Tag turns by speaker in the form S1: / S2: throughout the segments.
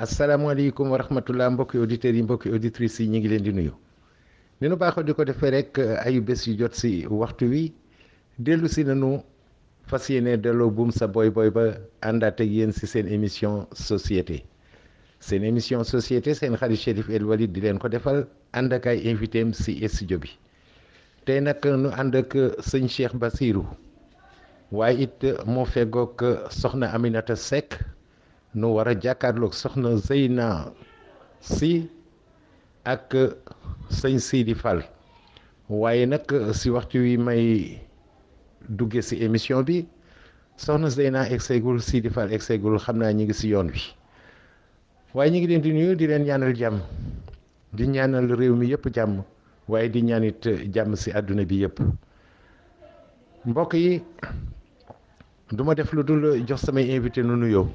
S1: asalaamaaleykum wa rahmatullah mbokki auditeurs yi mbokki auditrices yi ñu ngi leen di nuyu ni nu baaxoo di ko defee rek ayu bés yu jot si waxtu wi dellu si nañu fas yéene delloo buum sa boy boy ba àndaat ak yéen si seen émission société seen émission société seen xarit Chérif El Walid di leen ko defal ànd ak ay invité am si studio bi tey nag nu ànd ak sëñ Cheikh Basirou waaye it moo feggoog soxna Aminata Seck. nu war a jàkkaarloog soxna Zeyna si ak sëñ Sidi Fall waaye nag si waxtu wi may dugge si émission bi soxna Zeyna egg seegul Sidi Fall egseegul xam naa ñu ngi si yoon wi waaye ñu ngi leen di nuyu di leen ñaanal jàmm di ñaanal réew mi yëpp jàmm waaye di ñaanit jàmm si àdduna bi yëpp mbokk yi duma def lu dul jox samay invité nu nuyoo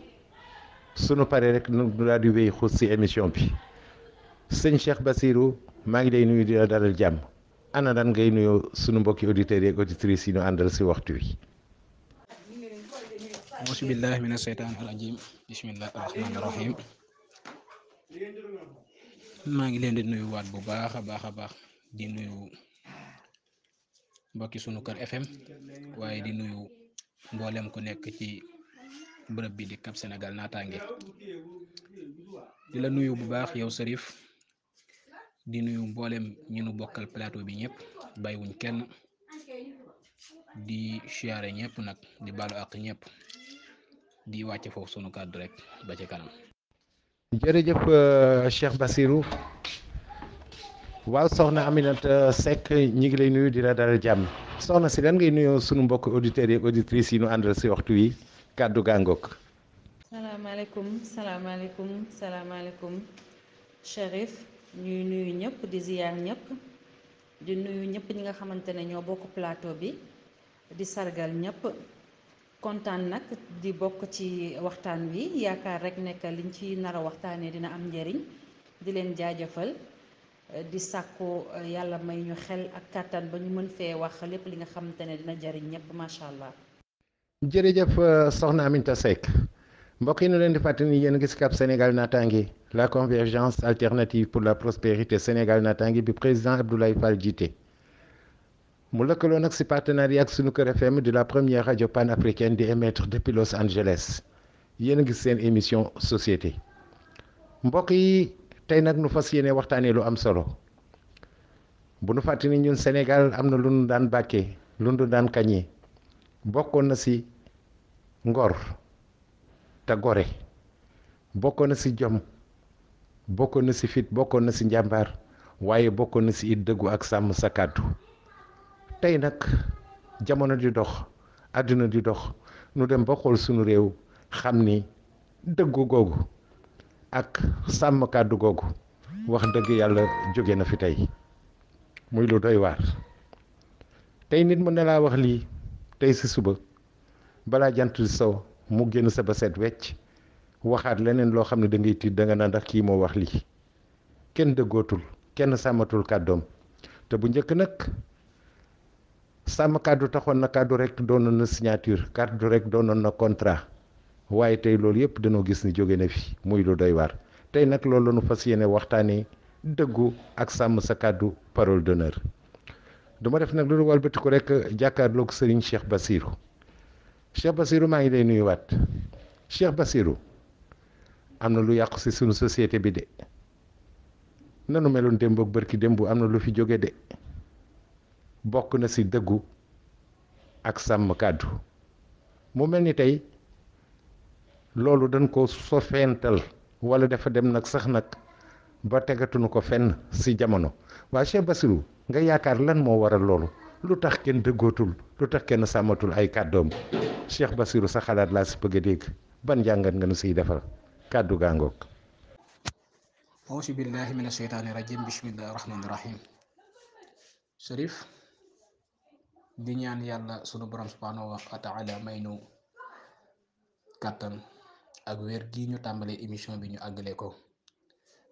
S1: sunu paree rek nu daal di wéy xuus si émission bi sëñ Cheikh Basirou maa ngi day nuyu di la jàmm ana daan ngay nuyoo sunu mbokki auditeurs yeeg auditrices yi ñu àndal si waxtu wi.
S2: auzu billahi mina sheytaani maa ngi leen di nuyu waat bu baax a baax a baax di nuyu mbokki sunu kër FM waaye di nuyu mboolem ku nekk ci. bërëb bi di Cap Sénégal naataange di la nuyu bu baax yow Serif di nuyu mboolem ñi nu bokkal plateau bi ñëpp bàyyiwuñ kenn di siyaare ñëpp nag di baalu àq ñëpp di wàcce foofu sunu kàddu rek ba ci kanam.
S1: jërëjëf euh, Cheikh Bassirou waaw soxna Aminata Seck ñi ngi lay nuyu di la dara jàmm soxna si lan ngay nuyoo sunu mbokk auditeurs yi auditrices yi nu àndal si waxtu wi salam
S3: alaykum salam alaykum salam alaykum Cherif ñuy nuyu ñep di ziar ñep di nuyu ñep ñi nga xamantene ño bokk plateau bi di sargal ñep contane nak di bokk ci waxtaan wi yaakar rek nek liñ ci nara waxtane dina am njëriñ di len jaajeufal di sàkku yalla may ñu xel ak katan ba ñu mën fe wax lepp li nga xamantene dina jariñ ñep machallah
S1: jërëjëf euh, soxna Aminta Seck mbokk yi nu leen di fàttali ni yéen a ngi Cap Sénégal Natangué la convergence alternative pour la prospérité Sénégal Natangué bi président Abdoulaye Fall jiite mu lëkkaloo nag si partenariat ak sunu kër FM de la première radio panafricaine di émettre depuis Los Angeles yéen a ngi seen émission société mbokk yi tey nag nu fas yéene waxtaanee lu am solo bu nu fàttali ni ñun Sénégal am na lu nu daan bàkkee lu nu daan kañee. bokkoon na si ngor te gore bokkoon na si jom bokkoon na si fit bokkoon na si njàmbaar waaye bokkoon na si it dëggu ak sàmm sa kàddu tey nag jamono di dox àdduna di dox nu dem ba xool sunu réew xam ni dëggu googu ak sàmm kàddu googu wax dëgg yàlla jóge na fi tey muy lu doy waar tey nit mën na laa wax lii tey si suba balaa jant di sow mu génn sa ba set wecc waxaat leneen loo xam ne da ngay tiit da nga naan ndax kii moo wax lii kenn dëggootul kenn sàmmatul kàddoom te bu njëkk nag sàmm kàddu taxoon na kàddu rek doonoon na signature kàddu rek doonoon na contrat waaye tey loolu yëpp dañoo gis ni jóge na fi muy lu doy waar tey nag loolu la fas yéene waxtaanee dëggu ak sàmm sa kàddu parole d'honneur duma def nag lu dul walbatiku rek jàkkaarloog Serigne Cheikh Bassirou Cheikh Bassirou maa ngi lay nuyuwaat Cheikh Bassirou am na lu yàqu si sunu société bi de nanu meloon démb ak bërki démb am na lu fi jóge de bokk na si dëggu ak sàmm kàddu mu mel ni tey loolu dañ ko sofental walla dafa dem nag sax nag ba tegatuñu ko fenn si jamono. waa Cheikh Bassirou nga yaakaar lan moo waral loolu lu tax kenn dëggootul lu tax kenn sàmmatul ay kàddoom Cheikh basiru sa xalaat laa si bëgg dégg ban jàngat nga nu siy defar kàddu gaa ngoog
S2: auzu billaahi mina sheytaani rajiim bismillaahi rahmaani rahiim Cherif di ñaan yàlla sunu borom subhaanahu wa taala may nu kàttan ak weer gi ñu tàmbalee émission bi ñu àggale ko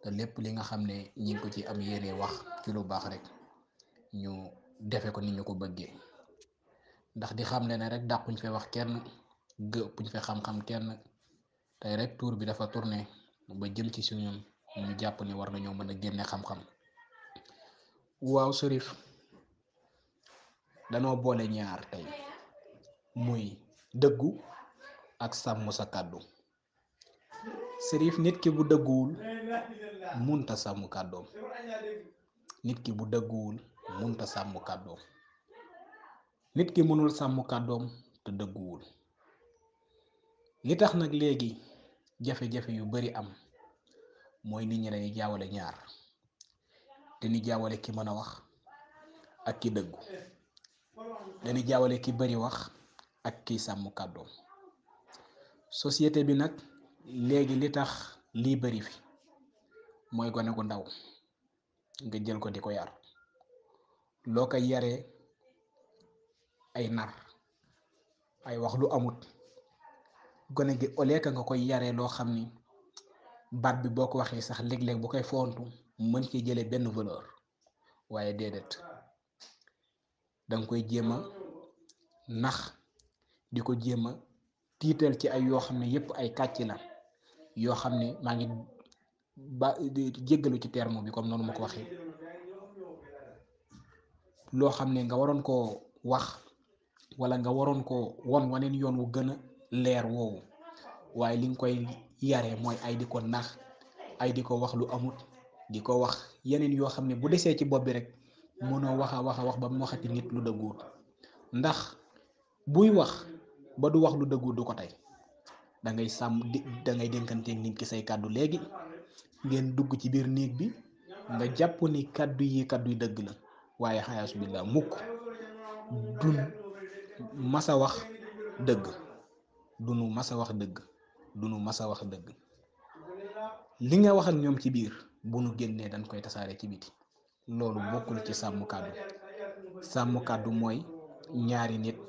S2: te lépp li nga xam ne ñi ko ci am yéene wax ci lu baax rek ñu defe ko ni ñu ko bëggee ndax di xam ne ne rek dàquñ fee wax kenn gëppuñ fe xam-xam kenn tey rek tuur bi dafa tourné ba jëm ci suñu ñu jàpp ni war nañoo mën a génne xam-xam waaw Cherif danoo boole ñaar tey muy dëggu ak sàmm sa kàddu Cherif nit ki bu dëgguwul munta sàmm kàddoom nit ki bu munta sàmm kàddoom nit ki mënul sàmm kàddoom te dëgguwul li tax jafe-jafe yu bari am mooy nit ñi dañuy jaawale ñaar dañuy jaawale ki mën a wax ak ki dëggu dañuy jaawale ki bari wax ak ki société bi li tax bari fi mooy gone gu ndaw nga jël ko di ko yar loo koy yaree ay nar ay wax lu amut gone gi au lieu nga koy yaree loo xam ni baat bi boo ko waxee sax léeg-léeg bu koy foontu mën ci jëlee benn valeur waaye déedéet danga koy jéem a nax di ko jéem a tiital ci ay yoo xam ne yépp ay kàcc la yoo xam ne maa ngi ba di ci termo bi comme noonu ma ko waxee loo xam ne nga waroon koo wax wala nga waroon koo won waneen yoon wu gën a leer woowu waaye li nga koy yare mooy ay di ko nax ay di ko wax lu amut di ko wax yeneen yoo xam ne bu desee ci bopp bi rek mënoo wax a wax a wax ba mu waxati nit lu dëgguut ndax buy wax ba du wax lu dëgguut du ko tey dangay ngay sàmm da ngay dénkanteeg nit ki say kàddu léegi ngeen dugg ci biir néeg bi nga jàpp ni kàddu yi kàddu dëgg la waaye xayaasu billaah mukk dun masa wax dëgg dunu masa wax dëgg dunu masa wax dëgg li nga wax ak ñoom ci biir bu nu génnee dañ koy tasaare ci biti loolu bokkul ci sàmm kàddu sàmm kàddu mooy ñaari nit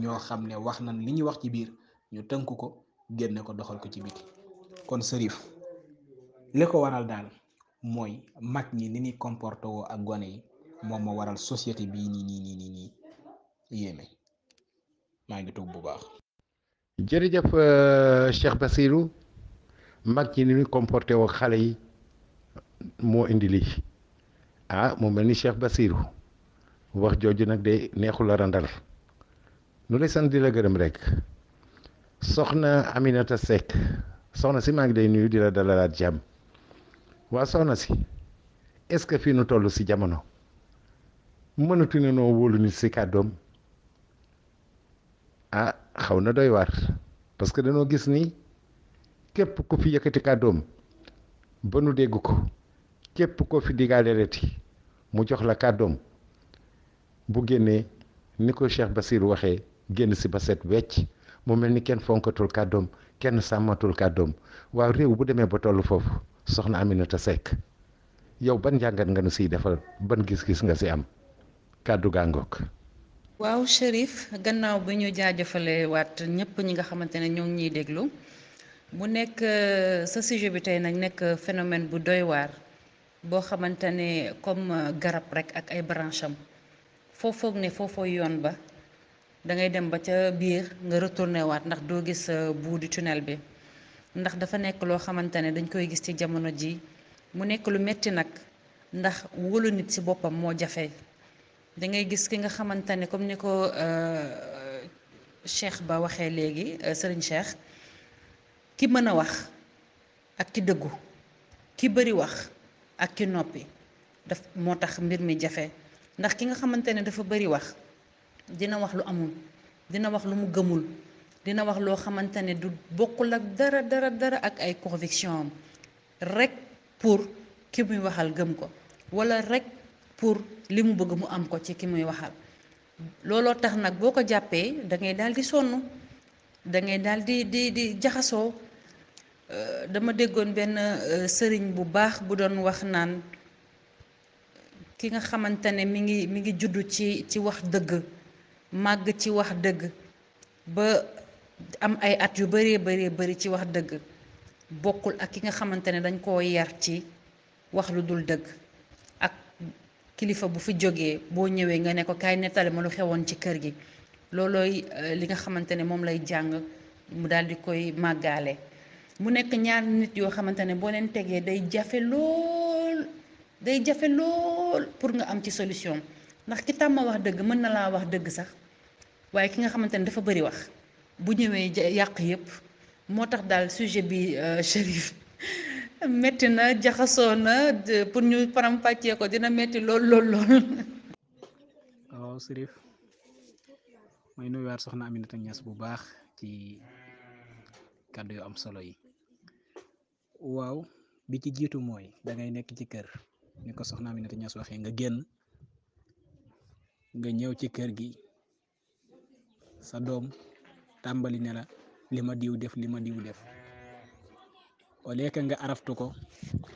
S2: ñoo xam ne wax na li ñuy wax ci biir ñu tënk ko génne ko doxal ko ci biti kon sërif li ko waral daal mooy mag ñi ni ñuy comporté woo ak gone yi moom moo waral société bii nii nii nii nii nii maa ngi tuub bu baax.
S1: jërëjëf euh, Cheikh Basirou mag ñi ni ñuy comporté woo xale yi moo indi lii ah mu mel ni Cheikh Basirou wax jooju nag de neexul a randal nu lay san di la gërëm rek soxna Aminata Seck soxna si maa ngi day nuyu di la dalalaat jàmm. waa soxna si est-ce que fii nu toll ci jamono mënatuñu noo wóolu nit si kàddoom ah xaw na doy waar parce que dañoo gis ni képp ku fi yëkkati kàddoom ba nu dégg ko képp koo fi digaale reti mu jox la kàddoom bu génnee ni ko Cheikh Basir waxee génn si baset set wecc mu mel ni kenn fonkatul kàddoom kenn sàmmatul kàddoom waaw réew bu demee ba toll foofu soxna Aminata Seck yow ban jàngat nga nu siy defal ban gis-gis nga si am kàddu gaa
S3: waaw Chérif gannaaw bi ñu jaajëfalee waat ñëpp ñi nga xamante ne ñoo ngi ñuy déglu bu nekk euh, sa sujet bi tey nag nekk phénomène bu doy waar boo xamante ne comme euh, garab rek ak ay branche am foo ne foofoo yoon ba da ngay dem ba ca biir nga retourné waat ndax doo gis euh, bout du tunnel bi. ndax dafa nekk loo xamante ne dañ koy gis ci jamono ji mu nekk lu metti nag ndax wóolu nit ci boppam moo jafe da ngay gis ki nga xamante ne comme ni ko euh, Cheikh Ba waxee léegi euh, Serigne Cheikh ki mën a wax ak ki dëggu ki bëri wax ak ki noppi daf moo tax mbir mi jafe ndax ki nga xamante ne dafa bëri wax dina wax lu amul dina wax lu mu gëmul dina wax loo xamante du bokkul ak dara dara dara ak ay conviction rek pour ki muy waxal gëm ko wala rek pour limu mu bëgg mu am ko ci ki muy waxal looloo tax nag boo ko jàppee da ngay daal di da ngay daal di di di jaxasoo euh, dama déggoon benn euh, sëriñ bu baax bu doon wax naan ki nga xamante mi ngi mi ngi judd ci ci wax dëgg màgg ci wax dëgg ba am ay at yu bëree bëree bari ci wax dëgg bokkul ak ki nga xamante ne dañ koo yar ci wax lu dul dëgg ak kilifa bu fi jógee boo ñëwee nga ne ko kaay nettali ma lu xewoon ci kër gi loolooy euh, li nga xamante ne moom lay jàng mu daal di koy màggaale mu nekk ñaar nit yoo xamante ne boo leen tegee day jafe lool day jafe lool pour nga am ci solution ndax ki tàmm wax dëgg mën na laa wax dëgg sax waaye ki nga xamante ne dafa bëri wax bu ñëwee yàq yëpp moo tax daal sujet bi euh, Chérif métti na jaxasoo na pour ñu parampàccee ko dina métti lool lool lool.
S2: waaw may nuyuwaat soxna Aminata bu baax ci kàddu yu am solo tàmbali ne la li ma diw def li ma diw def au lieu nga araftu ko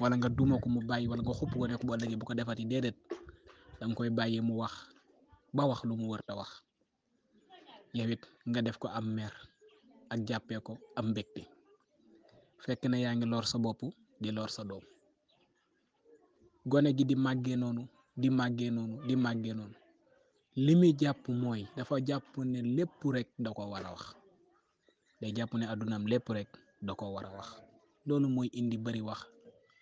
S2: wala nga duma mu bàyyi wala nga xupp ko ne ko ba bu ko defati dedet. danga koy bàyyi mu wax ba wax lu mu warta wax yow nga def ko am mer ak jàppee ko am mbégte fekk na yaa lor sa bopp di lor sa doom gone gi di màggee di màggee di màggee li muy jàpp mooy dafa jàpp ne lépp rek da ko war a wax day jàpp ne addunaam lépp rek da ko war wax loolu mooy indi bari wax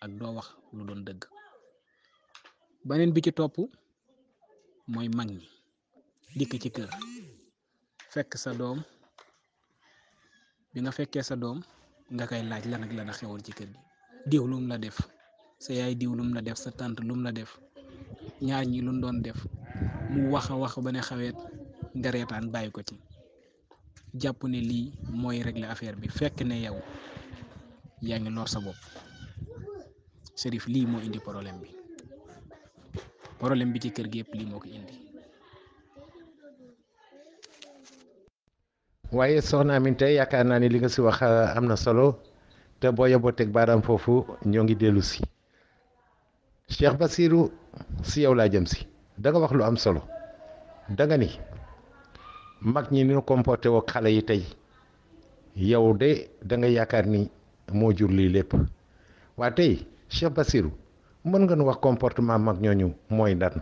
S2: ak doo wax lu doon dëgg beneen bi ci topp mooy mag ñi dikk ci kër fekk sa doom bi nga fekkee sa doom nga koy laaj lan ak ci kër gi diw lum la def sa yaay diw lum la def sa tànt lum la def ñaar ñi luñ doon def mu wax wax ba ne xawet nga reetaan bàyyi ko ci jàpp ne lii mooy régler affaire bi fekk ne yow yaa ngi lor sa bopp Cherif lii moo indi problème bi problème bi ci kër gi yëpp lii moo ko indi.
S1: waaye soxna Aminta yaakaar naa ni li nga si wax uh, am solo te boo yóbboo baaraam foofu ñoo ngi Cheikh Basirou si yow laa jëm si. da nga wax lu am solo da nga ni mag ñi ni comporté woo xale yi tey yow de da nga yaakaar ni moo jur lii lépp waa tey Cheikh Bassirou mën nga nu wax comportement mag ñooñu mooy lan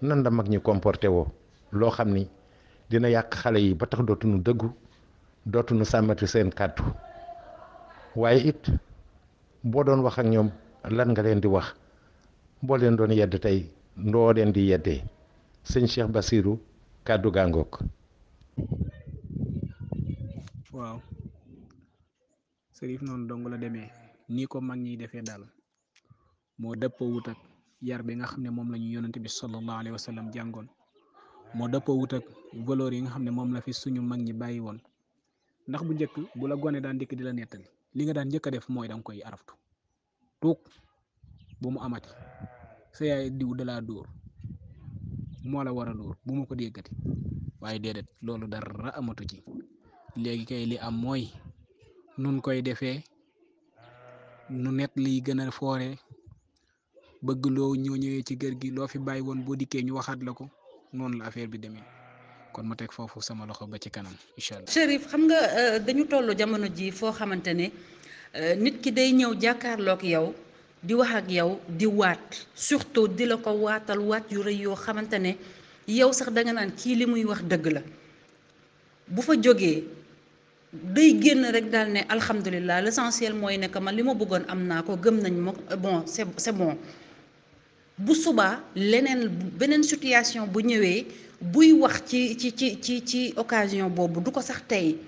S1: nan la mag ñi comporté woo loo xam ni dina yàq xale yi ba tax dootuñu dëggu dootuñu sàmmati seen kàddu waaye it boo doon wax ak ñoom lan nga leen di wax boo leen doon yedd tey ndo len di yedde seigne Cheikh Basirou kaddu gangok
S2: waaw serif non dong la demee ni ko mag ni defé dal mo deppou wut ak yar bi nga xam mom lañu la bi sallallahu alayhi wasallam jangon mo deppou wut ak valeur yi nga mom la fi suñu mag ni bayyi won ndax bu bu la goné daan dik di la netal li nga daan def moy dang koy araftu bu mu amati sa yaay diw dalaa dóor moo la war a dóor bu ma ko déggati waaye déedéet loolu dara amatu ci léegi kay li am mooy nun koy defee nu net liy gën a foore bëgg loo ñoo ñëwee ci gër gi loo fi bàyyi woon boo dikkee ñu waxaat la ko noonu la affaire bi demee kon ma teg foofu sama loxo ba ci kanam incha allah.
S3: Chérif xam nga euh, dañu toll jamono ji foo xamante ne euh, nit ki day ñëw jàkkaarlook yow. di wax ak yow di waat surtout di la ko waatal waat yu rëy yoo xamante ne yow sax danga naan kii li muy wax dëgg la bu fa jógee day génn rek daal ne alhamdulilah l'essentiel mooy ne que man li ma bëggoon am naa ko gëm nañ ma bon c'est bon bu suba leneen beneen situation bu ñëwee buy wax ci ci ci ci ci occasion boobu du ko sax tey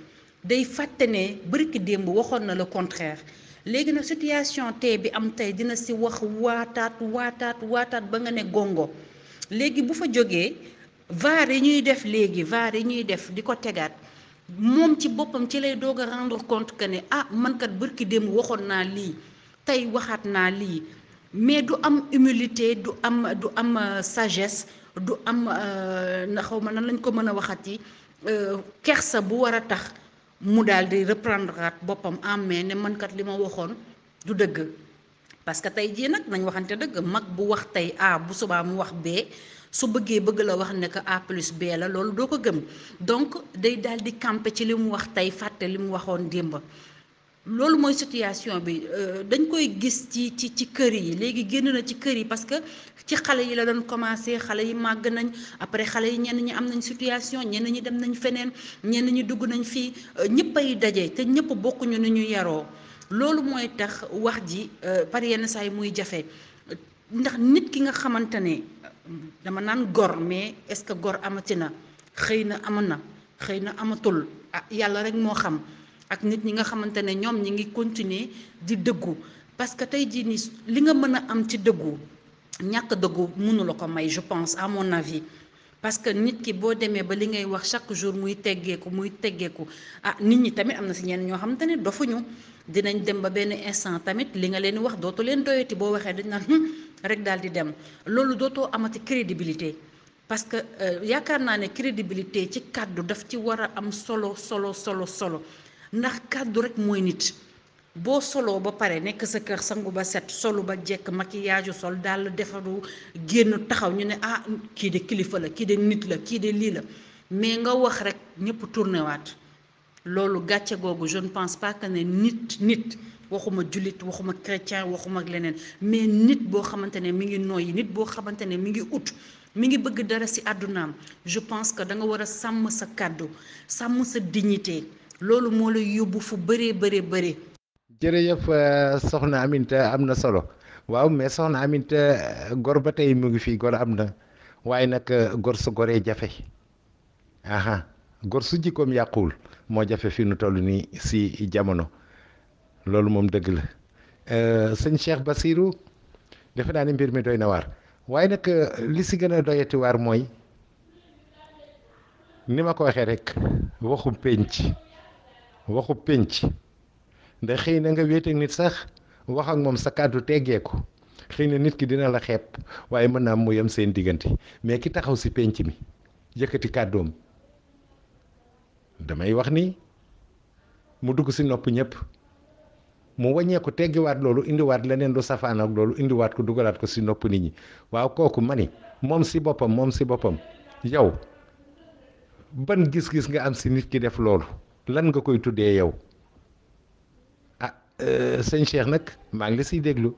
S3: day fàtte ne bërki démb waxoon na le contraire léegi nag situation tey bi am tey dina si wax waataat waataat waataat ba nga ne gongo léegi bu fa jógee vaar yi ñuy def léegi vaar yi ñuy def di ko tegaat moom ci boppam ci lay doog a rendre compte que ne ah man kat bërki démb waxoon naa lii tey waxaat naa lii mais du am humilité du am du am euh, sagesse du am euh, na xaw ma nan lañ ko mën a waxaat waxati euh, kersa bu war a tax mu daal di reprendre at boppam en ne man kat li ma waxoon du dëgg parce que tey jii nag nañ waxante dëgg mag bu wax tey A bu subaa mu wax B su bëggee bëgg la wax ne que A plus B la loolu doo ko gëm donc day daal di camper ci li mu wax tey fàtte li mu waxoon démb. loolu mooy situation bi euh, dañ koy gis ci ci ci kër yi léegi génn na ci kër yi parce que ci xale yi la doon commencé xale yi màgg nañ après xale yi ñenn ñi am nañ situation ñenn ñi dem nañ feneen ñenn ñi dugg nañ fii euh, ñëpp ay daje te ñëpp bokkuñu ni ñu yaroo loolu mooy tax wax ji euh, par yenn saa yi muy jafe ndax nit ki nga xamante ne dama naan gor mais est-ce que gor amati na xëy na am na xëy na amatul ah, yàlla rek moo xam. ak nit ñi nga xamantene ñom ñi ngi continuer di deggu parce que tay jii ni li nga mëna am ci deggu ñak deggu mënu la ko may je pense à mon avis parce que nit ki bo démé ba li ngay wax chaque jour muy teggeeku muy teggeeku ah nit ñi tamit amna ci ñen ñenn ñoo xamante ne dofuñu dinañ dem ba benn instant tamit li nga leen wax doto leen doyati bo waxé dañ naan hmm, rek dal di dem lolu doto amati crédibilité parce que euh, yaakaar naa ne crédibilité ci kàddu daf ci wara a am solo solo solo solo ndax kàddu rek mooy nit boo soloo ba pare nekk sa kër sangu ba set solu ba jekk maquillage sol daal defaru génn taxaw ñu ne ah kii de kilifa la kii de nit la kii de lii la mais nga wax rek ñëpp tourné loolu gàcce googu je ne pense pas ne nit nit waxuma jullit waxuma chrétien waxuma ak leneen mais nit boo xamante ne mi ngi noyyi nit boo xamante ne mi ngi ut mi ngi bëgg dara ci àddunaam je pense que danga war a sàmm sa kàddu sàmm sa dignité loolu moo lay yóbbu fu bëree bëree bëri.
S1: jërëjëf euh, soxna Aminta am na solo waaw mais soxna Aminta euh, gor ba tey mu ngi fii gor am na waaye nag euh, gor su jafe aha gor su yàquwul moo jafe fi nu toll nii si jamono loolu moom dëgg la sëñ Cheikh Basirou defe naa ni mbir mi doy na waar waaye nag li si gën a doyati waar mooy ni ma ko waxee rek waxu penc. waxu pénc ndax xëy na nga wéet ak nit sax wax ak moom sa kàddu teggeeku xëy na nit ki dina la xeeb waaye mën naa mu yem seen diggante mais ki taxaw si pénc mi yëkkati kàddoom damay wax ni mu dugg si nopp ñëpp mu wàññeeku teggiwaat loolu indiwaat leneen lu safaan ak loolu indiwaat ko dugalaat ko si nopp nit ñi waaw kooku ma ni moom si boppam moom si boppam yow ban gis-gis nga am si nit ki def loolu. lan nga koy tuddee yow ah euh, sëñ Cheikh nag maa ngi la siy déglu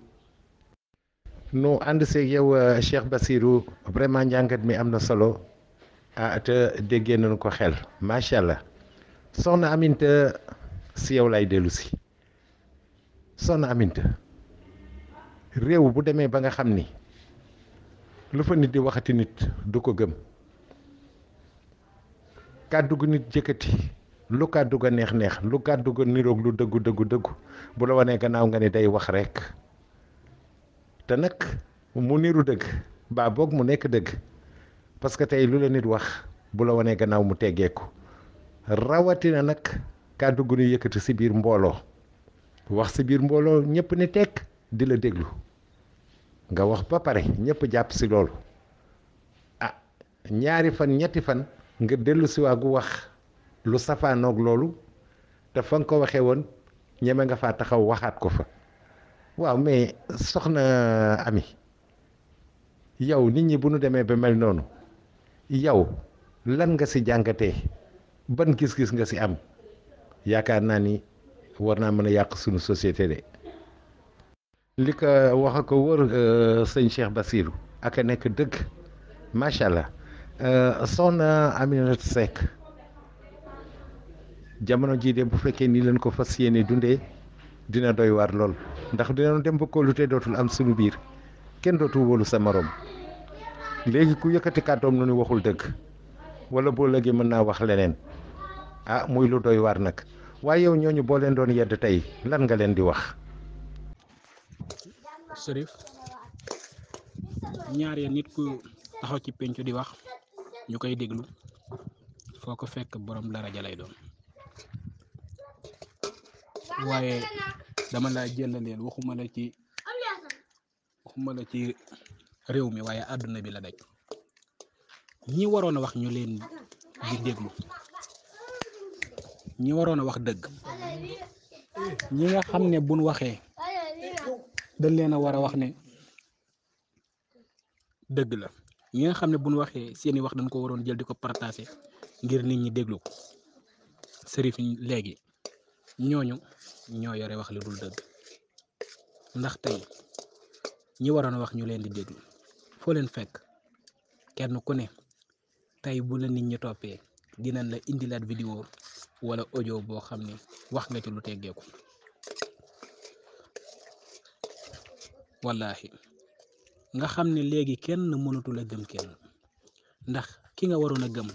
S1: nu ànd seeg yow euh, Cheikh Basirou vraiment njàngat mi am na solo ah te déggee nañu ko xel macha allah soo na Aminta si yow lay dellusi si soxna Aminta réew bu demee ba nga xam ni lu fa nit di waxati nit du ko gëm kàddu gu nit jëkkati. lu kàddu ga neex neex lu kàddu ga niroog lu dëggu dëggu dëggu bu la wanee gannaaw nga ni day wax rekk te nag mu niru dëgg baa boog mu nekk dëgg parce que tey lu la nit wax bu la wanee gannaaw mu teggee teggeeku rawatina nag kàddu gu ñuy yëkkati si biir mbooloo wax si biir mbooloo ñëpp ni tekk di la déglu nga wax ba pare ñëpp jàpp si loolu ah ñaari fan ñetti fan nga dellu si waagu wax lu safaanoog loolu te fa ko waxee woon ñeme nga faa taxaw waxaat ko fa waaw mais soxna Ami yow nit ñi bu nu demee ba mel noonu yow lan nga ci jàngatee ban gis-gis nga ci am yaakaar naa ni war naa mën a yàq sunu societé de. li ko wax a ko wër euh, sëñ Cheikh Basirou ak a nekk dëgg macha allah euh, soxna Aminata Seck. jamono jii de bu fekkee nii leen ko dina doy waar lool ndax dina dem ba kóolute dootul am suñu biir kenn dootul wóolu sa morom léegi ku yëkkati kàddoom nu ñu waxul dëgg wala boo léegi mën naa wax leneen ah muy lu doy waar nag waaye yow ñooñu boo leen doon yedd tey lan nga leen di wax.
S2: ñaar ya nit ku taxaw ci di wax ñu koy déglu foo ko fekk borom daraja lay doon waye dama la jënd leen waxuma la ci waxuma la ci réew mi waye aduna bi la daj ñi warona wax ñu leen di déglu ñi warona wax dëgg ñi nga xamne buñ waxee dañ leena wara wax ne dëgg la ñi nga xamne buñ waxee seeni wax dañ ko waron jël diko partager ngir nit ñi déglu ko sëriñ ñooñu ñoo yore wax lu dul dëgg ndax tey ñi waroon wax ñu leen di déglu foo leen fekk kenn ku ne tey bu la nit ñi toppee dinañ la indilaat vidéo wala ojo boo xam ne wax nga ci lu teggeeku wallaahi nga xam ne léegi kenn mënatu la gëm kenn ndax ki nga waroon a gëm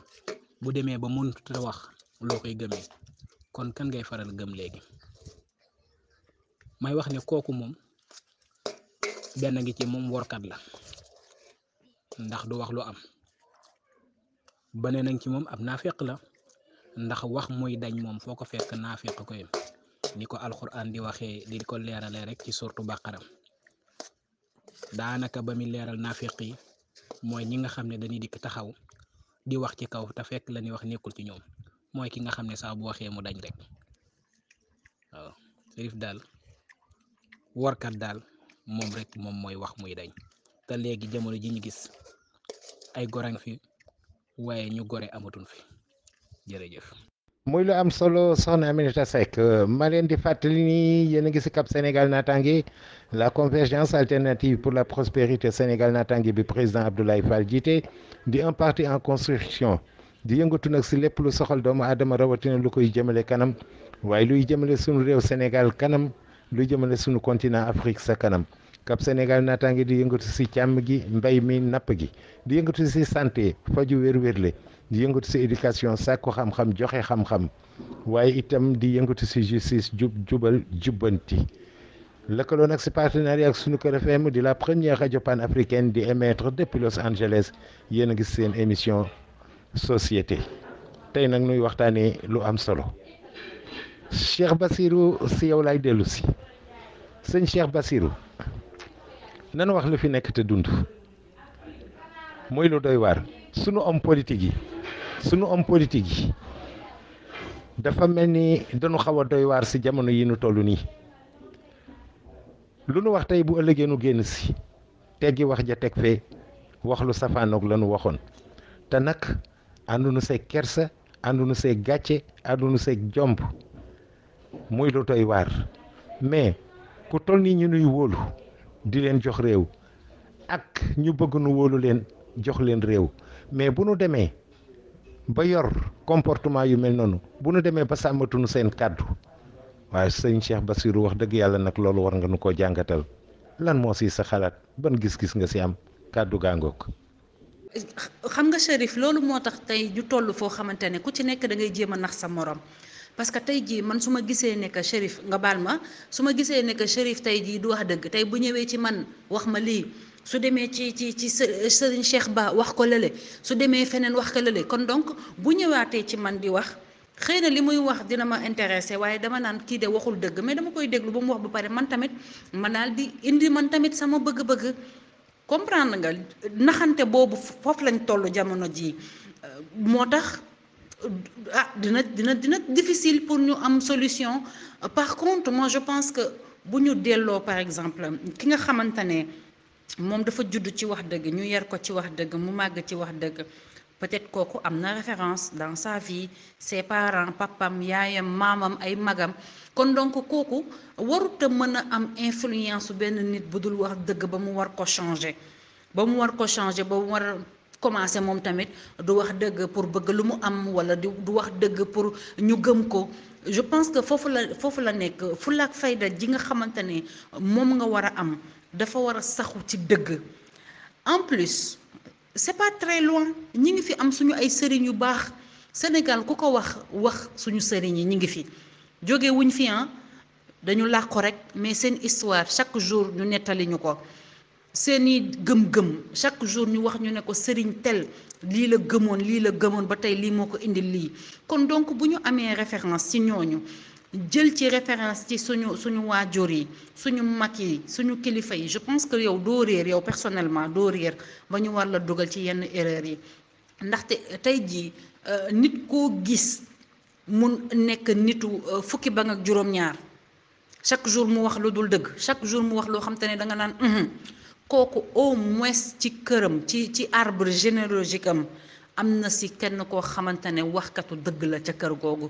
S2: bu demee ba mënut a wax loo koy gëmee. kon kan ngay faral gëm léegi may wax ne kooku moom benn ngi ci moom workat la ndax du wax lu am beneen ngi ci moom ab naafeq la ndax wax muy dañ moom foo ko fekk naafeq ko yem ni ko alxuraan di waxee di ko leerale rek ci surtu bàqara daanaka ba mi leeral naafeq yi mooy ñi nga xam ne dañuy dikk taxaw di wax ci kaw te fekk la ñuy wax nekkul ci ñoom mooy ki nga xam ne saa bu waxee mu dañ rek waaw serif daal warkat daal moom rek moom mooy wax muy dañ te léegi jamono ji ñu gis ay gorang fi waaye ñu gore amatun fi
S1: jërëjëf. muy lu am solo soxna Aminata Seck ma leen di fàttali ni yéen a ngi si Cap Sénégal Natangué la convergence alternative pour la prospérité Sénégal Natangué bi président Abdoulaye Fall jiite di un parti en construction. di yëngatu nag si lépp lu soxal doomu aadama rawatina lu koy jëmale kanam waaye luy jëmale suñu réew Sénégal kanam lu jëmale suñu continent Afrique sa kanam Cap Sénégal naataange di yëngatu si càmm gi mbay mi napp gi di yëngatu si santé faju wér-wérle di yëngatu si éducation sàkku xam-xam joxe xam-xam waaye itam di yëngatu si justice jub jubal jubbanti lëkkaloo nag si partenariat ak sunu kër FM di la première radio pan africaine di émettre depuis Los Angeles yéen a ngi seen émission. société tey nag nuy waxtaanee lu am solo Cheikh Basirou si yow laay dellu si sëñ Cheikh Basirou nan wax lu fi nekk te dund mooy lu doy waar sunu homme politique yi sunu homme politique yi dafa mel ni dañu xaw a doy waar si jamono yi nu toll nii lu nu wax tey bu ëllëgee nu génn si teggi wax ja teg fee wax lu safaanoog la nu waxoon te nag. àndunu seeg kersa àndunu seeg gàcce àndunu seeg jomb muy lu toy war mais ku toll ni ñu nuy wolu di len jox rew ak ñu bëgg nu wolu len jox len rew mais bu nu démé ba yor comportement yu mel nonu bu nu démé ba nu seen kàddu waay seigne Cheikh wax deug yalla nak lolu war nga nu ko jangatal lan mo si sa xalat ban gis-gis nga si am gangok
S3: xam nga Chérif loolu moo tax tey ju toll foo xamante ne ku ci nekk da ngay jéem a nax sa morom parce que tey jii man su ma gisee ne que Chérif nga baal ma su ma gisee ne que Chérif tey jii du wax dëgg tey bu ñëwee ci man wax ma lii su demee ci ci ci Serigne Cheikh Ba wax ko lële su demee feneen wax ko lële kon donc bu ñëwaatee ci man di wax xëy na li muy wax dina ma intéressé waaye dama naan kii de waxul dëgg mais dama koy déglu ba mu wax ba pare man tamit ma daal di indi man tamit sama bëgg-bëgg. comprendre nga naxante bobu foofu lañ toll jamono ji motax ah dina dina dina difficile pour ñu am solution par contre moi je pense que bu ñu dello par exemple ki nga xamantane mom dafa judd ci wax deug ñu yar ko ci wax deug mu mag ci wax deug peut-être kooku amna référence dans sa vie ses parents papam yaayam mamam ay magam kon donc koku warut a mën am influence ben nit bu wax deug ba mu war ko changer ba mu war ko changer ba mu war commencer mom tamit du wax deug pour beug lu mu am wala du wax deug pour ñu gëm ko je pense que fofu la fofu la nek fulla fayda ji nga xamantene mom nga wara am dafa wara saxu ci deug en plus c'est pas très loin ñi ngi fi am suñu ay sëriñ yu baax Sénégal ku wax wax suñu sëriñ ñi ngi fi jóge wuñ fi hein dañu rek mais histoire chaque jour ñu ko gëm-gëm chaque jour ñu wax ñu ne ko tel lii la gëmoon lii la gëmoon ba tey lii moo indi lii kon donc référence ci jël ci référence ci suñu suñu waajur yi suñu mag yi suñu kilifa yi je pense que yow doo réer yow personnellement doo réer ba ñu war la dugal ci yenn erreur yi ndaxte euh, tey jii euh, nit koo gis mu nekk nitu euh, fukki ba nga juróom-ñaar chaque jour mu wax lu dul dëgg chaque jour mu wax loo xam te ne da nga naan kooku au moins ci këram ci ci arbre généalogique am am na si kenn koo xamante ne waxkatu dëgg la ca kër googu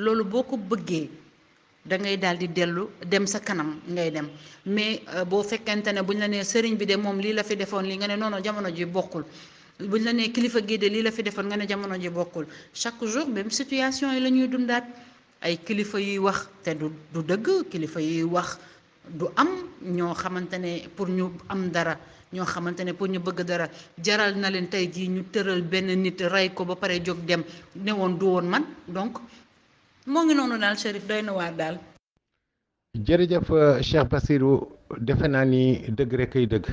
S3: loolu boo ko bëggee dangay ngay daal di dellu dem sa kanam ngay dem mais euh, boo fekkente ne buñ la nee sëriñ bi de moom lii la fi defoon lii nga ne non non jamono ji bokkul ñu la nee kilifa gii de lii la fi defoon nga ne jamono ji bokkul chaque jour même situation yi la ñuy dundaat ay kilifa yuy wax te du du dëgg kilifa yuy wax du am ñoo xamante ne pour ñu am dara ñoo xamante ne pour ñu bëgg dara jaral na leen tey jii ñu tëral benn nit rey ko ba pare jóg dem woon du woon man donc. moo ngi noonu daal Chérif doy na waar daal.
S1: jërëjëf euh, Cheikh Bassirou defe naa ni dëgg rek ay dëgg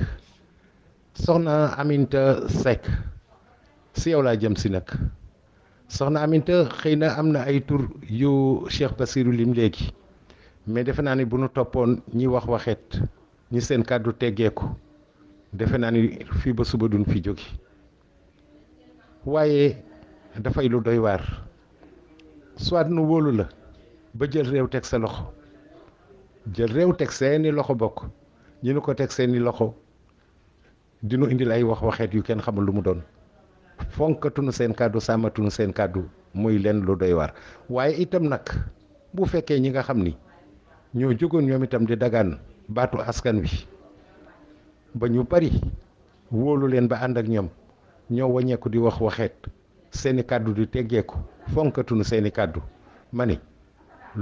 S1: soxna Aminta Seck si yow laa jëm si nag soxna Aminta xëy na am na ay tur yu Cheikh Bassirou lim léegi mais defe naa ni bu nu toppoon ñi wax waxeet ñi seen kàddu teggeeku defe naa ni fii ba suba duñ fi jóge waaye dafay lu doy waar. soit nu wóolu la ba jël réew teg sa loxo jël réew teg seeni loxo bokk ñu ne ko teg seeni loxo dinu indil ay wax waxeet yu kenn xamul lu mu doon fonkatunu seen kàddu sàmmatunu seen kàddu muy leen lu doy war waaye itam nag bu fekkee ñi nga xam ni ñoo jógoon ñoom itam di dagaan baatu askan wi ba ñu bari wóolu leen ba ànd ak ñoom ñoo waññeeku di wax waxeet seeni kàddu di teggeeku fonkatuñu seeni kaddu mané ni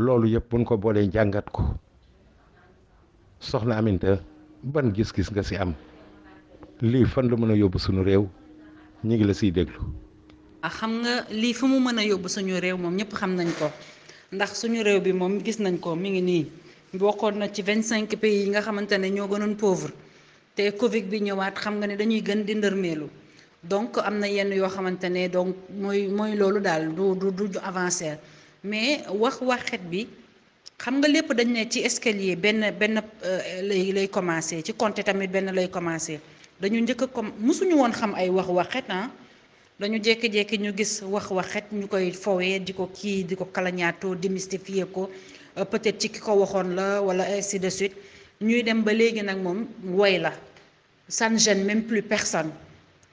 S1: loolu yëpp buñ ko boolee njàngat ko soxna Aminta ban gis-gis nga si am lii fan la mën a yóbbu suñu réew ñi ngi la siy déglu.
S3: Ah, xam nga lii fu mu mën a yóbbu suñu réew moom ñëpp xam nañ ko ndax suñu réew bi moom gis nañ ko mi ngi nii bokkoon na ci 25 pays yi nga xamante ne ñoo pauvre te Covid bi ñëwaat xam nga ne dañuy gën di ndërmeelu. donc am na yenn yoo xamante ne donc mooy mooy loolu daal du du du avancer mais wax waxet bi xam nga lépp dañ ne ci escalier benn benn euh, lay lay commencer ci compter tamit benn lay commencer dañu njëkk a comme mosuñu woon xam ay wax waxet ah dañu jékki-jékki ñu gis wax waxet ñu koy fowee di ko kii di ko kalañaatoo démystifier ko euh, peut-être ci ki ko waxoon la wala ainsi de suite ñuy dem ba léegi nag moom woy la ça gêne même plus personne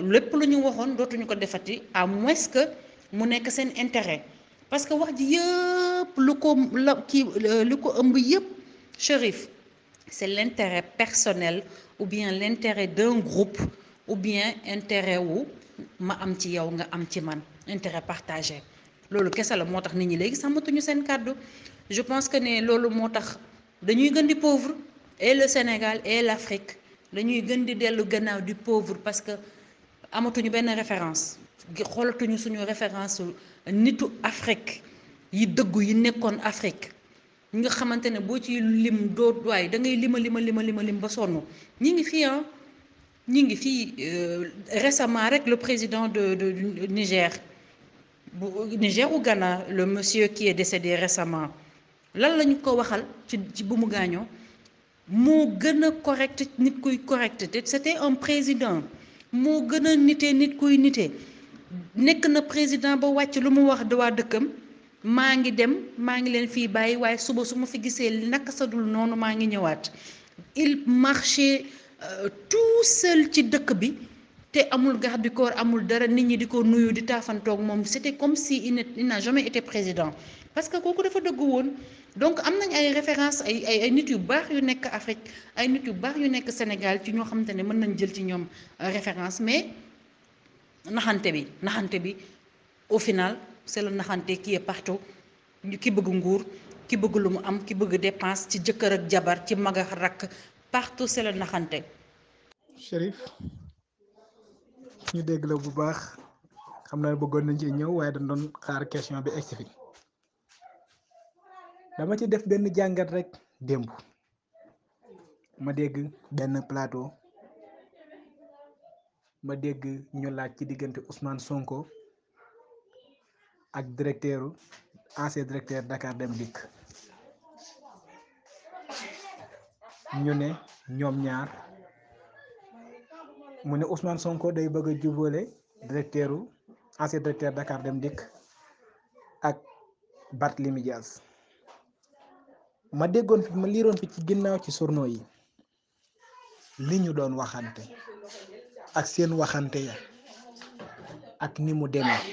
S3: lépp lu ñu waxoon dootuñu ko defati à moins que mu nekk seen intérêt parce que wax ji yëpp lu ko la kii lu ko ëmb yëpp Chérif c'est l'intérêt personnel ou bien l'intérêt d'un groupe ou bien intérêt wu ma am ci yow nga am ci man intérêt partagé loolu kese la moo tax nit ñi léegi sàmmatuñu seen kàddu je pense que ne loolu moo tax dañuy gën di pauvre et le Sénégal et l'Afrique dañuy gën di dellu gannaaw di pauvre parce que amatuñu benn référence xoolatuñu suñu référence nitu Afrique yi dëggu yi nekkoon Afrique nga xamante ne boo ci lim doo waay da ngay lima lima lima lima lim ba sonn ñi ngi fii ah ñi ngi fii euh, récemment rek le président de de Niger bu Niger ou Ghana le monsieur qui est décédé récemment lan lañ ko waxal ci ci bu mu gaañoo moo gën a correct nit kuy correct c'était un président. moo gën a nite nit kuy nite nekk na président ba wàcc lu mu wax dawaa waa dëkkam maa ngi dem maa ngi leen fii bàyyi waaye suba su ma fi gisee naka sa dul noonu maa ngi ñëwaat il marchait euh, tout seul ci dëkk bi te amul garde du corps amul dara nit ñi di ko nuyu di taafantoog moom c'était comme si il n'a jamais été président parce que kooku dafa dëgg woon donc am nañ ay référence ay ay ay nit yu baax yu nekk Afrique ay nit yu baax yu nekk Sénégal ci ñoo xamante ne mën nañ jël ci ñoom euh, référence mais naxante bi naxante bi au final c'est le naxante qui est partout ñu ki bëgg nguur ki bëgg lu mu am ki bëgg dépense ci jëkkër ak jabar ci mag ak rakk partout c'est le naxante. Chérif
S2: ñu dégg la bu baax xam naa bëggoon nañ ci ñëw waaye dañ doon xaar question bi egsi fi dama ci def ben jàngat rek dembu ma deg ben plateau ma deg ñu laaj ci digënté Ousmane Sonko ak directeur ancien directeur Dakar Dem dik ñu né ñom ñaar mu né Ousmane Sonko day bëgg directeur ancien directeur Dakar Dem dik ak Barthélémy ma déggoon fi ma liiroon fi ci ginnaaw ci journaux yi li ñu doon waxante ak seen waxante ya ak ni mu demee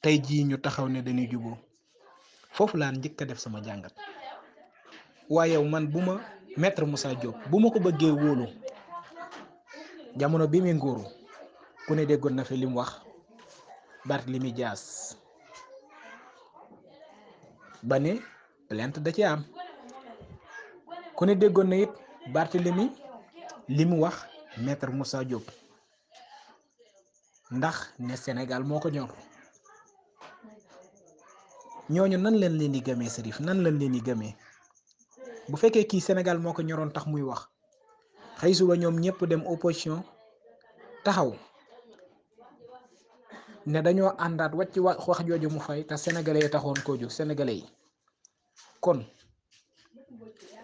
S2: tey jii ñu taxaw ne dañuy juboo foofu laa njëkk def sama jàngat waaye man bu ma maître Moussa Diop bu ma ko bëggee wóolu jamono bi muy nguuru ku ne déggoon na fi lim wax ba ne plainte da ci am ku ne déggoon na it Barthélemy li mu wax maître Moussa jóg ndax ne Sénégal moo ko ñor ñooñu nan leen leen di gëmee Serif nan leen leen di gëmee bu fekkee kii senegal moo ko ñoroon tax muy wax xëy suba ñoom ñëpp dem opposition taxaw ne dañoo àndaat wàcc wax jooju mu fay te sénégalais yi taxoon koo jóg sénégalais yi. kon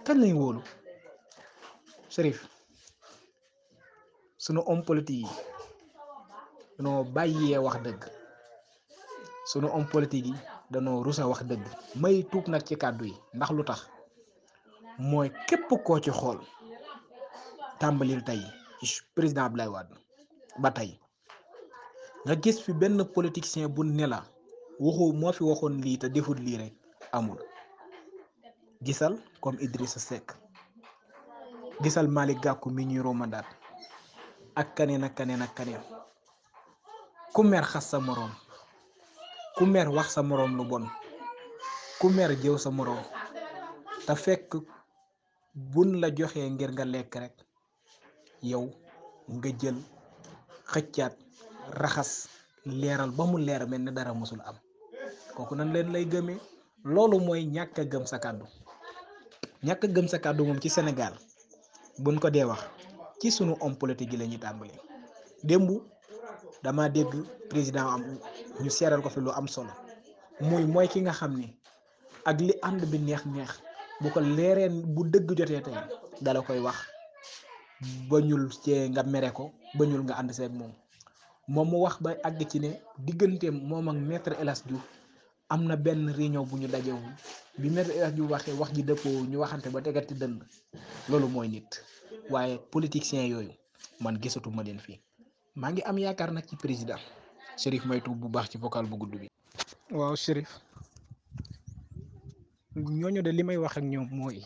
S2: kan nañ wóolu Cherif sunu homme politique yi danoo bàyyee wax dëgg sunu homme politique yi danoo rusa wax dëgg may tuub nag ci kàddu yi ndax lu tax mooy képp koo ci xool tàmbalil tey ci président Abdoulaye Wade ba tey nga gis fi benn politicien bu ne la waxu moo fi waxoon lii te deful lii rek amul gisal comme Idrissa Seck gisal malik Gakou mi ñuy romandaat ak kaneen ak kanena ak kaneen ku mer xass sa morom ku mer wax sa morom lu bon ku mer jew sa morom ta fekk bun la joxe ngir nga lek rek yow nga jël xëccat raxas leral ba mu leer melni dara musul am koku nan len lay gëmé loolu moy ñaka gëm sa kaddu ñàkk gëm sa kàddu moom ci Sénégal buñ ko dee wax ci sunu homme politique yi la ñuy tàmbali démb dama dégg président am ñu seeral ko fi lu am solo muy mooy ki nga xam ni ak li ànd bi neex neex bu ko leereen bu dëgg jotee tey dala koy wax bañul ci nga mere ko bañul nga ànd seeg moom moom mu wax ba àgg ci ne digganteem moom ak maître El amna ben benn réunion bu ñu dajewu bi Me El Hadji Diouf waxee wax ji dëppoo ñu waxante ba tegati dënd loolu mooy nit waaye politiciens yooyu man gisatu ma leen fii maa ngi am yaakaar nag ci président Chérif may bu baax ci vocal bu gudd bi. waaw Chérif ñooñu de li may wax ak ñoom mooy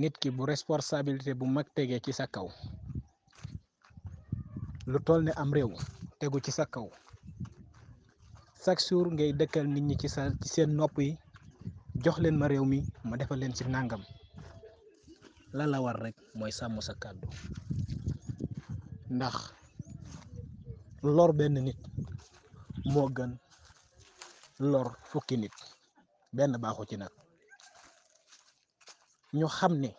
S2: nit ki bu responsabilité bu mag tegee ci sa kaw lu toll ne am réew tegu ci sa kaw chaque jour ngay dëkkal nit ñi ci sa ci seen nopp yi jox leen ma réew mi ma defal leen ci nangam la la war rek mooy sàmm sa kàddu ndax lor benn nit moo gën lor fukki nit benn baaxu ci nag ñu xam ne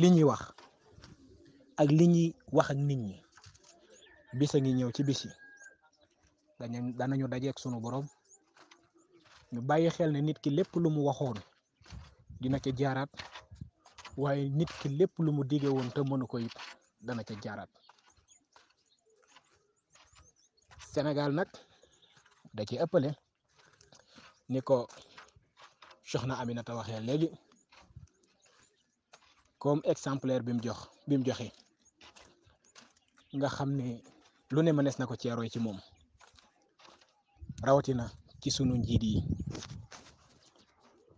S2: li ñuy wax ak li ñuy wax ak nit ñi bis ngi ñëw ci bis dañu danañu dajeeg sunu borom ñu bàyyi xel na nit ki lépp lu mu waxoon dina ca jaaraat waaye nit ki lépp lu mu dige woon te mënu ko it dana ca jaaraat Sénégal nag da ci ëppale ni ko soxna Aminata waxee léegi comme exemplaire bi mu jox bi mu joxe nga xam ni lu ne ma mënees na ko ceerooy ci moom rawatina ci sunu njiit yi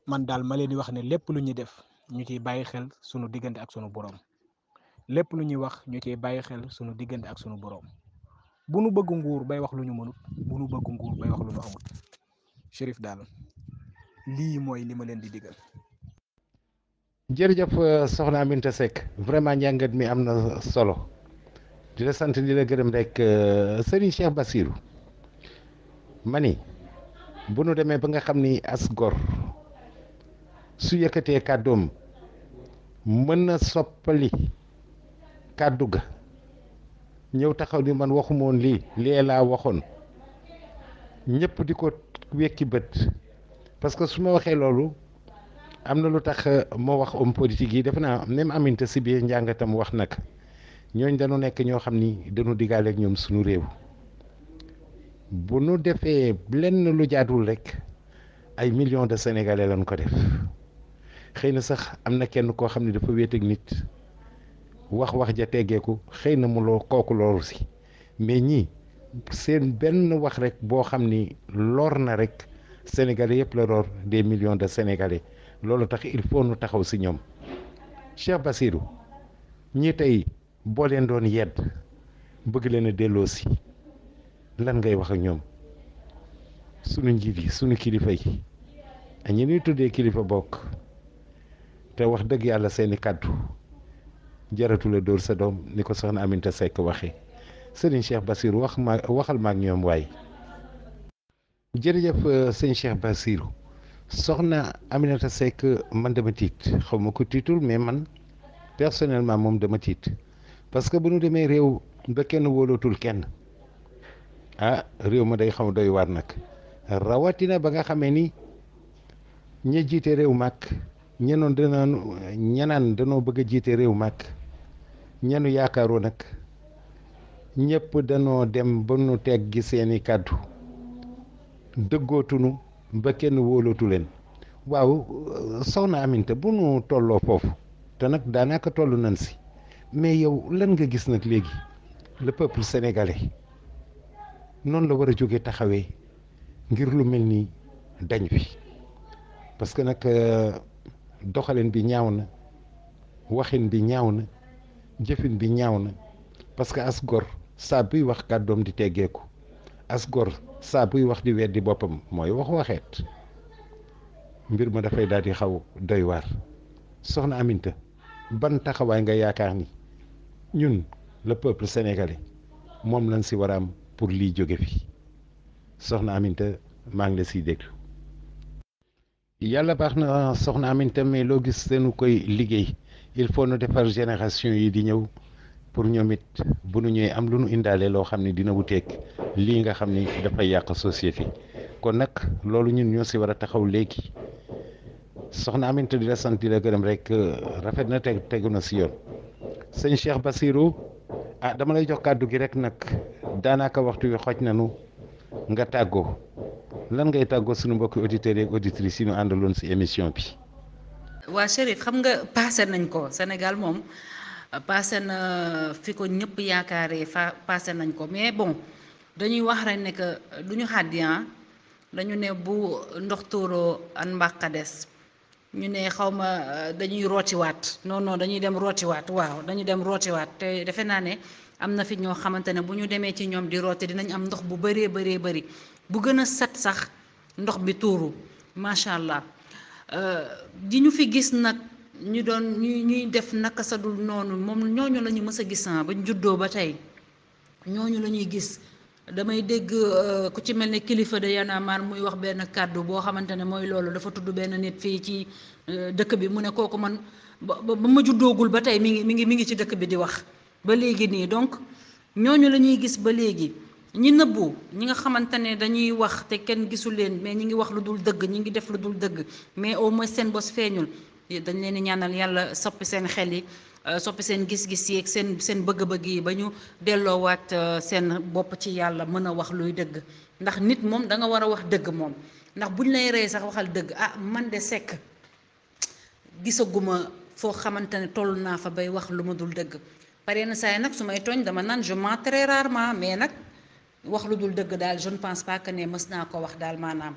S2: man daal ma leen di wax ne lépp lu ñuy def ñu ciy bàyyi xel sunu diggante ak sunu borom lépp lu ñuy wax ñu ciy bàyyi xel sunu diggante ak sunu borom bu nu bëgg nguur bay wax lu ñu mënut bu nu bëgg nguur bay wax lu ñu amut Chérif daal lii mooy li ma leen di digal.
S1: jërëjëf euh, soxna Aminta Seck vraiment njàngat mi am na solo di la sant di la gërëm rek euh, Serigne Cheikh Bassirou. ma ni bu nu demee ba nga xam ni as gor su yëkkatee kàddoom mën na soppali kàddu ga ñëw taxaw ni man waxumoon lii lee laa waxoon ñëpp di ko wekki bët parce que su ma waxee loolu am na lu tax euh, ma wax homme politique yi defe naa même Aminata si biir njàngatam wax nag ñooñ dañu nekk ñoo xam ni dañu diggaaleeg ñoom suñu réew bu nu defee lenn lu jaatul rekk ay millions de sénégalais lañ ko def xëy na sax am na kenn koo xam ne dafa wéet nit wax wax ja teggeeku xëy na mu loo kooku loolu si mais ñii seen benn wax rek boo xam ni lor na rek sénégalais yëpp la lor des millions de sénégalais loolu tax il faut nu taxaw si ñoom Cheikh Bassirou ñii tey boo leen doon yedd bëgg leen a delloo si. lan ngay wax ak ñoom sunu njiit yi sunu kilifa yi ak ñi ñuy tuddee kilifa bokk te wax dëgg yàlla seeni kàddu jaratula dóor sa doom ni ko soxna Aminta Seck waxee sëriñ Cheikh Basir wax ma waxal ma ak ñoom waaye jërëjëf euh, sëñ Cheikh Basir soxna Aminata Seck man dama tiit xaw ma ko tiitul mais man personnellement moom dama tiit parce que bu ñu demee réew ba kenn wóolatul kenn. ah réew ma day xaw doy waar nag rawatina ba nga xamee ni ñu jiite réew màkk ñenoon danaan ñanaan bëgg a jiite réew màkk ñenu yaakaaru nag ñëpp danoo dem ba nu teg gi seeni kàddu dëggootunu ba kenn wóolatu leen waaw soxna Aminta bu nu tolloo foofu te nag daanaka tollu nañ si mais yow lan nga gis nag léegi le peuple sénégalais noonu la war a jóge taxawee ngir lu mel nii dañ fi parce que nag euh, doxalin bi ñaaw na waxin bi ñaaw na jëfin bi ñaaw na parce que as gor saa wax kàddoom di teggeeku as gor saa buy wax di di boppam mooy wax waxeet mbir ma dafay daal di xaw doy waar soxna Aminta ban taxawaay nga yaakaar ni ñun le peuple sénégalais moom lañ si war a am pour lii jóge fi soxna Aminta maa ngi la siy dégg yàlla baax na soxna Aminta mais loo gis seenu koy liggéey il faut nu defar génération yi di ñëw pour ñoom it bu nu ñëwee am lu nu indaale loo xam ne dina wuteeg lii nga xam ni dafay yàq société kon nag loolu ñun ñoo si war a taxaw léegi soxna Aminta di la sant di la gërëm rek rafet na teg tegu na si yoon sëñ Cheikh Basirou. ah dama lay jox kàddu gi rek nag daanaka waxtu wi xoj nañu nga tàggoo lan ngay tàggoo suñu mbokki auditeurs yeeg auditrices yi ñu àndaloon si émission bi.
S3: waa Chérif xam nga passé nañ ko Sénégal moom passé na fi ko ñëpp yaakaaree fa passé nañ ko mais bon dañuy wax rek ne que du ñu xàddi ah. dañu ne bu ndox tuuroo an mbàqa des ñu ne xaw ma euh, dañuy rootiwaat non dañuy dem rootiwaat waaw dañuy dem rootiwaat te defe naa ne am na fi ñoo xamante ne bu ñu demee ci ñoom di rooti dinañ am ndox bu bëree baree bëri bu gën a set sax ndox bi tuuru macha allah euh, di ñu fi gis nag ñu doon ñuy ñuy def naka sa dul noonu moom ñooñu la ñu mës a gis ah, ba juddoo ba tey ñooñu la gis. damay dégg euh, ku ci mel ne kilifa de Y'en a muy wax benn kàddu boo xamante ne mooy loolu dafa tudd benn nit fii ci euh, dëkk bi mu ne kooku man ba ma juddoogul ba tey mi ngi mi ngi mi ngi ci dëkk bi di wax ba léegi nii donc ñooñu la ñuy gis ba léegi ñi nëbbu ñi nga xamante ne dañuy wax te kenn gisu leen mais ñi ngi wax lu dul dëgg ñi ngi def lu dul dëgg mais au moins seen bos feeñul dañ leen di ñaanal yàlla soppi seen xel yi Euh, soppi seen gis-gis yi seen seen bëgg-bëgg yi ba ñu delloowaat euh, seen bopp ci yàlla mën a wax luy dëgg ndax nit moom danga war a wax dëgg moom ndax bu buñ lay rey sax waxal dëgg ah man de sekk gisaguma foo xamante ne toll naa fa bay wax lu ma dul dëgg pare na saa yi nag su may tooñ dama naan je très rarement mais nag wax lu dul dëgg daal je ne pense pas que ne mës naa ko wax daal maanaam.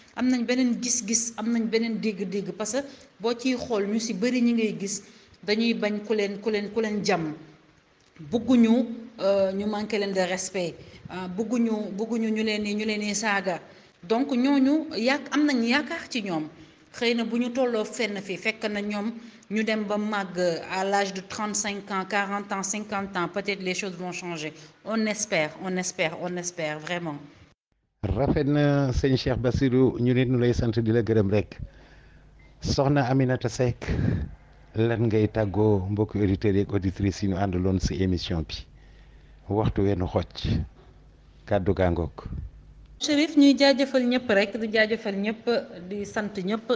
S3: am nañ beneen gis-gis am nañ beneen dégg-dégg parce que boo ciy xool ñu si bëri ñi ngay gis dañuy bañ ku leen ku leen ku leen jàmm bëgguñu euh, ñu manqué leen de respect euh, bëgguñu bëgguñu ñu leen ñu leen saaga donc ñooñu yàq am nañ yaakaar ci ñoom xëy na bu ñu tolloo fenn fi fekk na ñoom ñu dem ba màgg à l'âge de 35 ans 40 ans 50 ans peut-être les choses vont changer on espère on espère on espère vraiment
S1: rafet na sëñ Cheikh Bassirou ñu nit ñu lay sant di la gërëm rek soxna Aminata Seck lan ngay tàggoo mbokki auditeurs yeeg auditrices yi ñu àndaloon si émission bi waxtu wenn xocc
S3: kàddu gaa ngoog ñuy jaajëfal ñëpp rek di jaajëfal ñëpp di sant ñëpp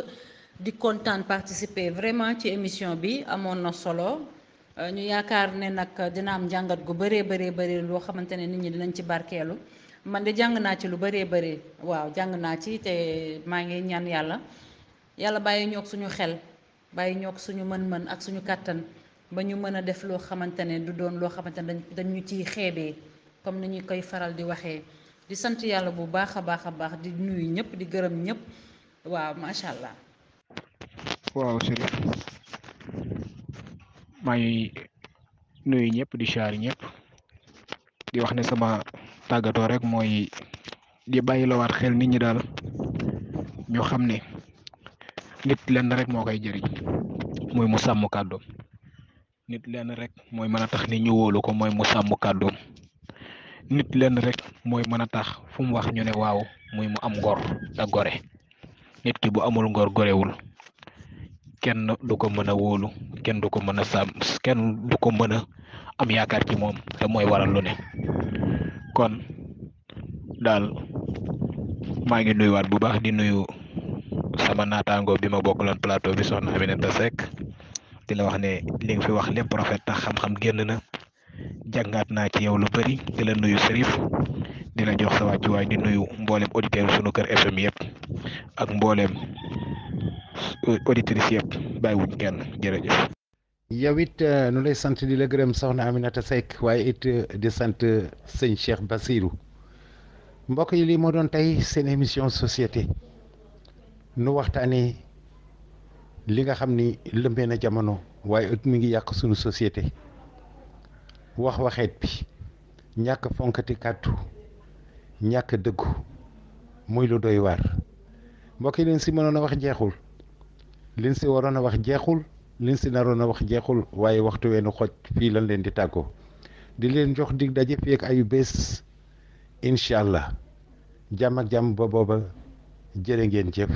S3: di kontaan participer vraiment ci émission bi amoon na solo euh, ñu yaakaar ne nag dina am njàngat gu bëree bëree bëri loo xamante ne nit ñi dinañ ci barkeelu man de jang na ci lu bare wow, waaw jang na ci te ma ngi ñaan yalla yalla baye ñok suñu xel baye ñok suñu man man ak suñu katan ba ñu mëna def lo xamantene du doon lo xamantene dañ ñu comme ni koy faral di waxé di sant yalla bu baaxa baaxa baax di nuyu ñëpp di gërëm ñëpp waaw sha allah.
S2: waaw Chérif may nuyu ñëpp di xaar ñëpp. di wax ne sama tàggatoo rek mooy di bàyyi lawaat xel nit ñi daal ñu xam ne nit lenn rek moo koy jëriñ mooy mu sàmm kàddoom nit lenn rek mooy mën a tax nit ñu wóolu ko mooy mu sàmm kàddoom nit lenn rek mooy mën a tax fu mu wax ñu ne waaw muy mu am ngor da gore nit ki bu amul ngor gorewul kenn du ko mën a wóolu kenn du mën a sàmm am yaakaar ci moom te mooy waral lu ne kon daal maa ngi nuyuwaat bu baax di nuyu sama naataango bi ma bokkaloon plateau bi soxna Aminata Seck di la wax ne li nga fi wax lépp rafet tax xam-xam génn na jàngaat naa ci yow lu bëri di la nuyu Serif dina jox jox ci wàccuwaay di nuyu mboolem auditeurs sunu kër FM yëpp ak mboolem euh, auditrices yëpp bàyyiwuñ kenn jërëjëf. yow
S1: it euh, nu lay sant di la gërëm soxna a Seck waaye it euh, di sant euh, sëñ Cheikh Basirou mbokk yi lii moo doon tey seen émission société nu waxtaanee li nga xam ni lëmbee na jamono waaye ut mi ngi yàq sunu société wax waxeet bi ñàkk fonkati kàddu ñàkk dëggu muy lu doy waar mbokk yi leen si mënoon a wax jeexul leen si waroon a wax jeexul. liñ si naroon a wax jeexul waaye waxtu weenu xoj fii lañ leen di tàggoo di leen jox dig daje fii ak ayu bés incha allah jàmm ak jàmm ba booba jëre ngeen jëf.